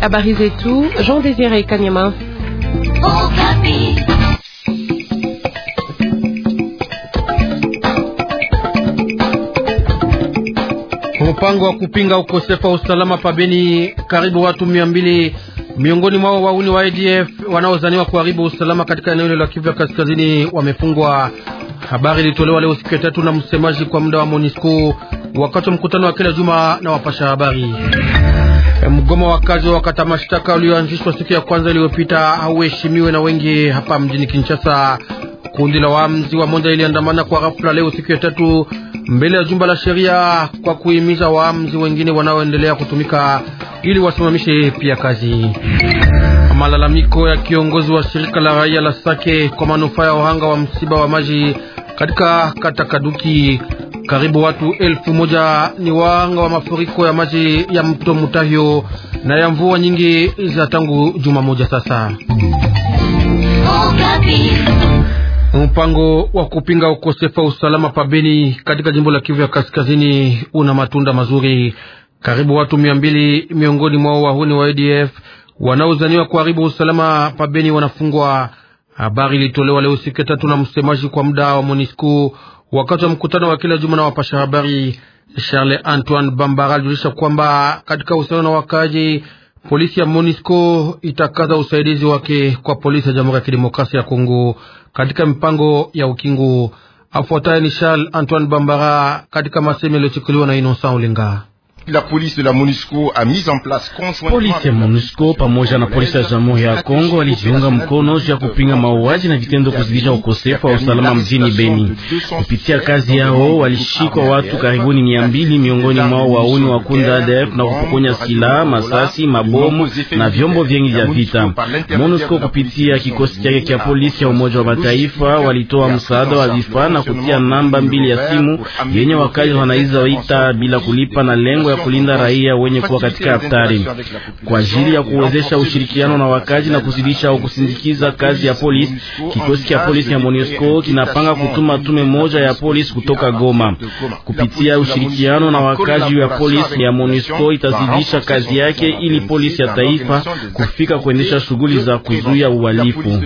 Habari zetu Jean Désiré Kanyama. Mpango wa kupinga ukosefu wa usalama pabeni, karibu watu mia mbili miongoni mwao wauni wa ADF wanaozaniwa kuharibu usalama katika eneo hilo la Kivu ya Kaskazini wamefungwa. Habari ilitolewa leo siku ya tatu na msemaji kwa muda wa MONUSCO wakati wa mkutano wa kila juma na wapasha habari. Mgomo wa kazi wa wakata mashtaka ulioanzishwa siku ya kwanza iliyopita hauheshimiwe na wengi hapa mjini Kinshasa. Kundi la waamzi wa moja iliandamana kwa ghafla leo siku ya tatu mbele ya jumba la sheria kwa kuhimiza waamzi wengine wanaoendelea kutumika ili wasimamishe pia kazi. Malalamiko ya kiongozi wa shirika la raia la Sake kwa manufaa ya wahanga wa msiba wa maji katika kata Kaduki karibu watu elfu moja ni wanga wa mafuriko ya maji ya mto Mutahyo na ya mvua nyingi za tangu juma moja sasa. Mpango wa kupinga ukosefu wa usalama pabeni katika jimbo la Kivu ya Kaskazini una matunda mazuri. Karibu watu mia mbili miongoni mwao wahuni wa ADF wanaozaniwa kuharibu usalama pabeni wanafungwa. Habari ilitolewa leo siku tatu na msemaji kwa muda wa MONUSCO Wakati wa mkutano wa kila juma na wapasha habari, Charles Antoine Bambara alijulisha kwamba katika uhusiano na wakaji, polisi ya MONUSCO itakaza usaidizi wake kwa polisi ya Jamhuri ya Kidemokrasia ya Kongo katika mipango ya ukingo. Afuataye ni Charles Antoine Bambara katika masemi yaliyochukuliwa na Inosa ulinga la polisi la MONUSCO a mis en place conjointement. Polisi ya MONUSCO pamoja na polisi ya Jamhuri ya Kongo walijiunga mkono juu ya kupinga mauaji na vitendo kuzidisha ukosefu wa usalama mjini Beni. Kupitia kazi yao walishikwa watu karibuni mia mbili, miongoni mwao wauni wa kundi ADF na kupokonya silaha, masasi, mabomu na vyombo vyengi vya vita. MONUSCO kupitia kikosi chake cha polisi ya Umoja wa Mataifa walitoa msaada wa vifaa na kutia namba mbili ya simu yenye wakazi wanaweza waita bila kulipa na lengo ya kulinda raia wenye kuwa katika hatari, kwa ajili ya kuwezesha ushirikiano na wakazi na kuzidisha au kusindikiza kazi ya polisi. Kikosi cha polisi ya MONUSCO kinapanga kutuma tume moja ya polisi kutoka Goma. Kupitia ushirikiano na wakazi ya polisi ya MONUSCO itazidisha kazi yake ili polisi ya taifa kufika kuendesha shughuli za kuzuia uhalifu.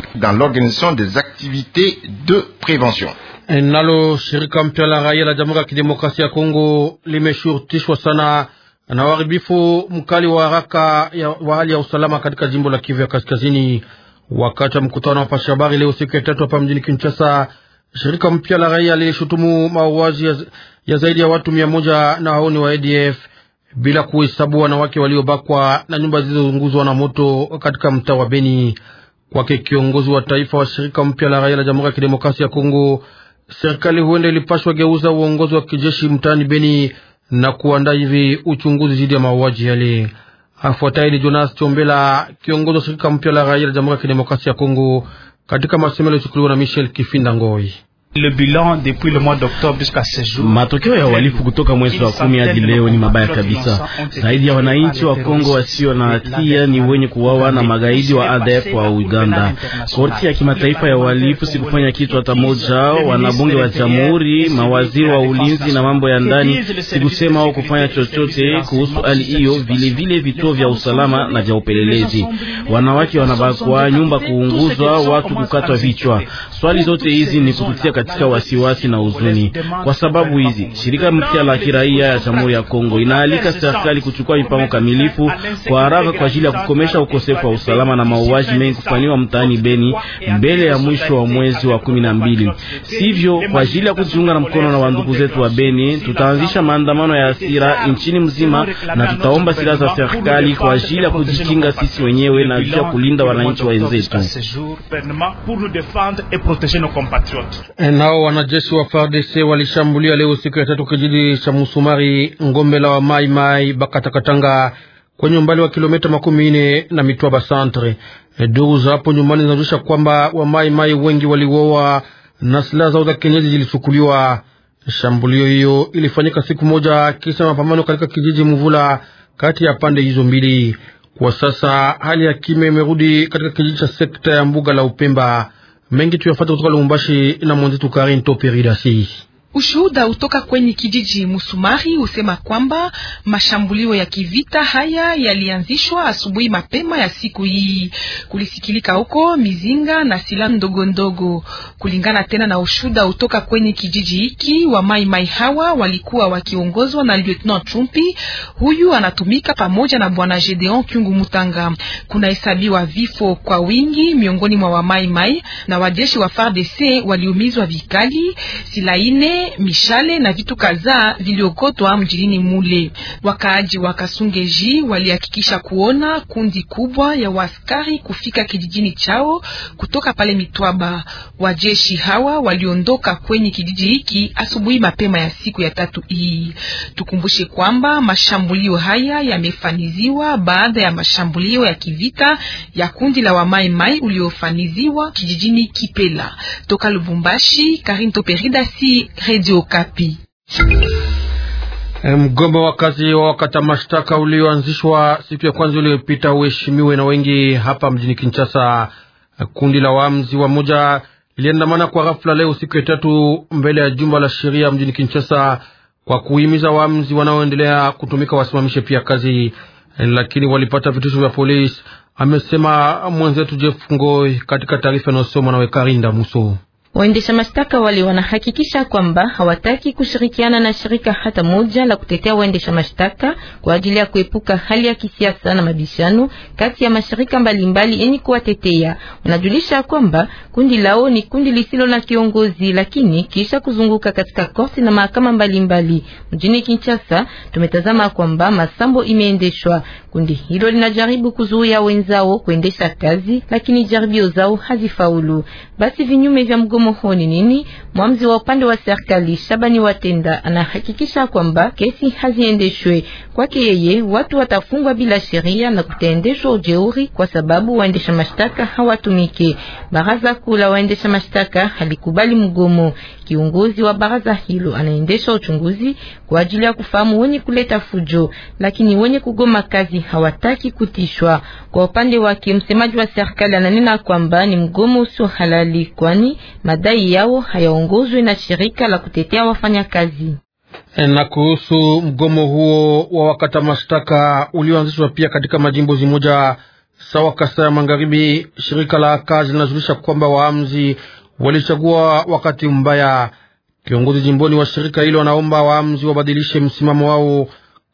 Nalo shirika mpya la raia la Jamhuri ya Kidemokrasia ya Kongo limeshurutishwa sana na uharibifu mkali wa haraka wa hali ya usalama katika jimbo la Kivu ya Kaskazini. Wakati wa mkutano wa pasha habari leo siku ya tatu hapa mjini Kinshasa, shirika mpya la raia lilishutumu mauaji ya, ya zaidi ya watu mia moja na wauni wa ADF bila kuhesabu wanawake waliobakwa na nyumba zilizounguzwa na moto katika mtaa wa Beni. Kwake kiongozi wa taifa wa shirika mpya la raia la Jamhuri ya Kidemokrasia ya Kongo serikali huenda ilipashwa geuza uongozi wa kijeshi mtaani Beni na kuandaa hivi uchunguzi dhidi ya mauaji yale. Afuatayo ni Jonas Chombela, kiongozi wa shirika mpya la raia la Jamhuri ya Kidemokrasia ya Kongo, katika masemelo yaliyochukuliwa na Michel Kifinda Ngoi. Le bilan depuis le mois d'octobre jusqu'à ce jour, matokeo ya uhalifu kutoka mwezi wa kumi hadi leo ni mabaya kabisa. Zaidi ya wananchi wa Kongo wasio na hatia ni wenye kuwawa na magaidi wa ADF wa Uganda. Korti ya kimataifa ya uhalifu sikufanya kitu hata moja. Wanabunge wa jamhuri, mawaziri wa ulinzi na mambo ya ndani sikusema au kufanya chochote kuhusu hali hiyo. Vilevile vituo vya usalama na vya upelelezi, wanawake wanabakwa, nyumba kuunguzwa, watu kukatwa vichwa. Swali zote hizi ni kututia katika wasiwasi na huzuni kwa sababu hizi. Shirika mpya la kiraia ya Jamhuri ya Kongo inaalika serikali kuchukua mipango kamilifu kwa haraka kwa ajili ya kukomesha ukosefu wa usalama na mauaji mengi kufanywa mtaani Beni mbele ya mwisho wa mwezi wa kumi na mbili. Sivyo, kwa ajili ya kujiunga na mkono na wandugu zetu wa Beni, tutaanzisha maandamano ya asira nchini mzima na tutaomba silaha za serikali kwa ajili ya kujikinga sisi wenyewe na ajili ya kulinda wananchi wenzetu. Nao wanajeshi wa FARDC walishambulia leo siku ya tatu kijiji cha Musumari ngombe la wa Mai Mai Bakatakatanga kwenye umbali wa kilomita makumi nne na Mitwaba Centre. E, duru za hapo nyumbani zinaonyesha kwamba wa Mai Mai wengi waliwoa na silaha zao za kienyeji zilichukuliwa. Shambulio hiyo ilifanyika siku moja kisha mapambano katika kijiji Mvula kati ya pande hizo mbili. Kwa sasa hali ya kime imerudi katika kijiji cha sekta ya mbuga la Upemba mengi tuyafata kutoka Lubumbashi na mwenzetu Karin Toperidasi. Ushuhuda utoka kwenye kijiji Musumari usema kwamba mashambulio ya kivita haya yalianzishwa asubuhi mapema ya siku hii. Kulisikilika huko mizinga na silaha ndogo ndogo. Kulingana tena na ushuhuda utoka kwenye kijiji hiki, wa mai mai hawa walikuwa wakiongozwa na Lieutenant Chumpi, huyu anatumika pamoja na bwana Gedeon Kyungu Mutanga. Kunahesabiwa vifo kwa wingi miongoni mwa wa mai mai na wajeshi wa FARDC waliumizwa vikali. silaine mishale na vitu kadhaa viliokotwa mjilini mule. Wakaaji wa Kasungeji walihakikisha kuona kundi kubwa ya waskari kufika kijijini chao kutoka pale Mitwaba. Wajeshi hawa waliondoka kwenye kijiji hiki asubuhi mapema ya siku ya tatu hii. Tukumbushe kwamba mashambulio haya yamefaniziwa baada ya mashambulio ya kivita ya kundi la Wamaimai uliofaniziwa kijijini Kipela. Toka Lubumbashi, Karinto Perida si Radio Kapi. Eh, Mgomo wa kazi wa wakata mashtaka ulioanzishwa siku ya kwanza uliopita uheshimiwe na wengi hapa mjini Kinshasa. Eh, kundi la waamzi wa moja liliandamana kwa ghafla leo siku ya tatu mbele ya jumba la sheria mjini Kinshasa kwa kuhimiza waamzi wanaoendelea kutumika wasimamishe pia kazi, eh, lakini walipata vitisho vya polisi, amesema mwenzetu Jeff Ngoi katika taarifa inayosomwa na Wekarinda Muso. Waendesha mashtaka wale wanahakikisha kwamba hawataki kushirikiana na shirika hata moja la kutetea waendesha mashtaka kwa ajili ya kuepuka hali ya kisiasa na mabishano kati ya mashirika mbalimbali yenye kuwatetea. Wanajulisha kwamba kundi lao ni kundi lisilo na kiongozi, lakini kisha kuzunguka katika korti na mahakama mbalimbali Mjini Kinshasa tumetazama kwamba masambo imeendeshwa kundi hilo linajaribu kuzuia wenzao kuendesha kazi, lakini jaribio zao hazifaulu. Basi vinyume vya mgomo huo ni nini? Mwamzi wa upande wa serikali Shabani Watenda anahakikisha kwamba kesi haziendeshwe. Kwake yeye, watu watafungwa bila sheria na kutaendeshwa ujeuri kwa sababu waendesha mashtaka hawatumike. Baraza kuu la waendesha mashtaka halikubali mgomo. Kiongozi wa baraza hilo anaendesha uchunguzi kwa ajili ya kufahamu wenye kuleta fujo, lakini wenye kugoma kazi hawataki kutishwa. Kwa upande wake, msemaji wa serikali ananena kwamba ni mgomo usio halali, kwani madai yao hayaongozwi na shirika la kutetea wafanyakazi. E, na kuhusu mgomo huo wa wakata mashtaka ulioanzishwa pia katika majimbo zimoja sawa Kasa ya Magharibi, shirika la kazi linajulisha kwamba waamzi walichagua wakati mbaya. Kiongozi jimboni wa shirika hilo anaomba waamzi wabadilishe msimamo wao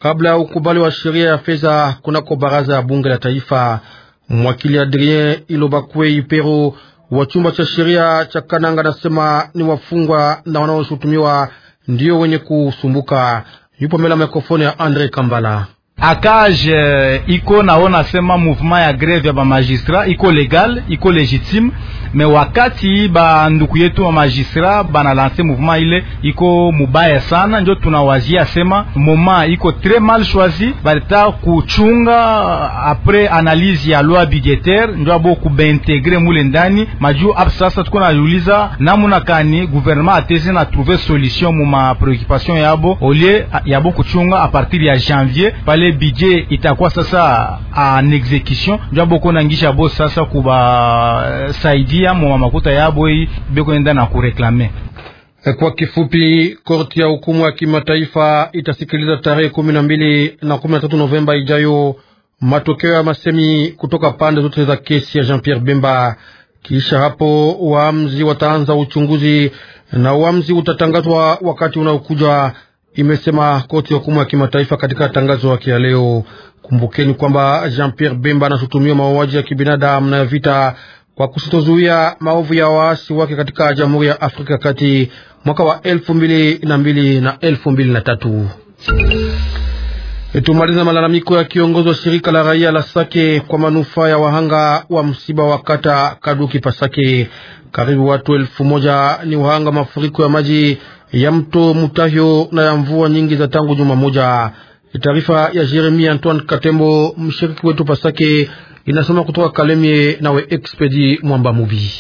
kabla ya ukubali wa sheria ya fedha kunako baraza ya bunge la taifa. Mwakili Adrien Ilobakwe Ipero wa chumba cha sheria cha Kananga anasema ni wafungwa na wanaoshutumiwa ndiyo wenye kusumbuka. Yupo mbele ya mikrofoni ya Andre Kambala akage euh, iko naona sema movement ya greve ya bamagistrat iko legal iko legitime, me wakati banduku yetu wa magistrat banalanse mouvement ile iko mubaya sana, njo tunawazia sema moma iko tres mal choisi, baleta kuchunga euh, apres analyse ya loi budgetaire, njo abo kubaintegre mule ndani majuu. Ap ah, sasa tuko nayuliza namuna kani gouvernement ateze na trouver solution mu ma preoccupation yabo olie yabo ah, kuchunga a partir ya janvier pale ile budget itakuwa sasa ah, en execution njabo konangisha bo sasa kubasaidia mwa makuta yabo hii enda na kureklame eh, kwa kifupi, korti ya hukumu ya kimataifa itasikiliza tarehe kumi na mbili na kumi na tatu Novemba ijayo matokeo ya masemi kutoka pande zote za kesi ya Jean Pierre Bemba. Kisha hapo waamzi wataanza uchunguzi na uamzi utatangazwa wakati unaokuja imesema koti ya hukumu ya kimataifa katika tangazo yake ya leo. Kumbukeni kwamba Jean Pierre Bemba anashutumiwa mauaji ya kibinadamu na ya vita kwa kusitozuia maovu ya waasi wake katika Jamhuri ya Afrika Kati mwaka wa elfu mbili na mbili na elfu mbili na tatu. E, Tumaliza malalamiko ya kiongozi wa shirika la raia la Sake kwa manufaa ya wahanga wa msiba wa kata Kaduki Pasake. Karibu watu elfu moja ni wahanga mafuriko ya maji ya mto Mutahyo na ya mvua nyingi za tangu juma moja. Taarifa ya Jeremie Antoine Katembo, mshiriki wetu Pasake, inasoma kutoka Kalemie nawe Expedi Mwamba Mubi.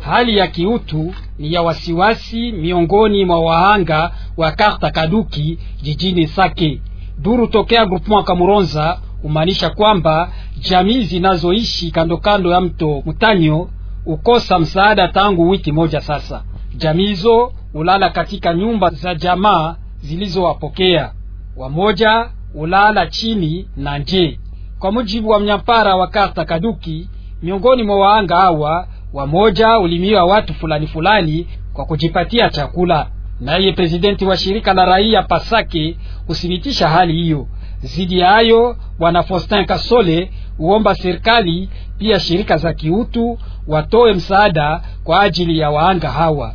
Hali ya kiutu ni ya wasiwasi miongoni mwa wahanga wa karta kaduki jijini Sake. Duru tokea groupement Kamuronza umaanisha kwamba jamii zinazoishi kandokando ya mto Mutanyo hukosa msaada tangu wiki moja sasa. Jamii hizo ulala katika nyumba za jamaa zilizowapokea, wamoja ulala chini na nje. Kwa mujibu wa mnyampara wa karta Kaduki, miongoni mwa waanga hawa wamoja ulimiwa watu fulani fulani kwa kujipatia chakula. Naye prezidenti wa shirika la raia Pasake huthibitisha hali hiyo. Zidi ya hayo, bwana Faustin Kasole huomba serikali pia shirika za kiutu watoe msaada kwa ajili ya waanga hawa.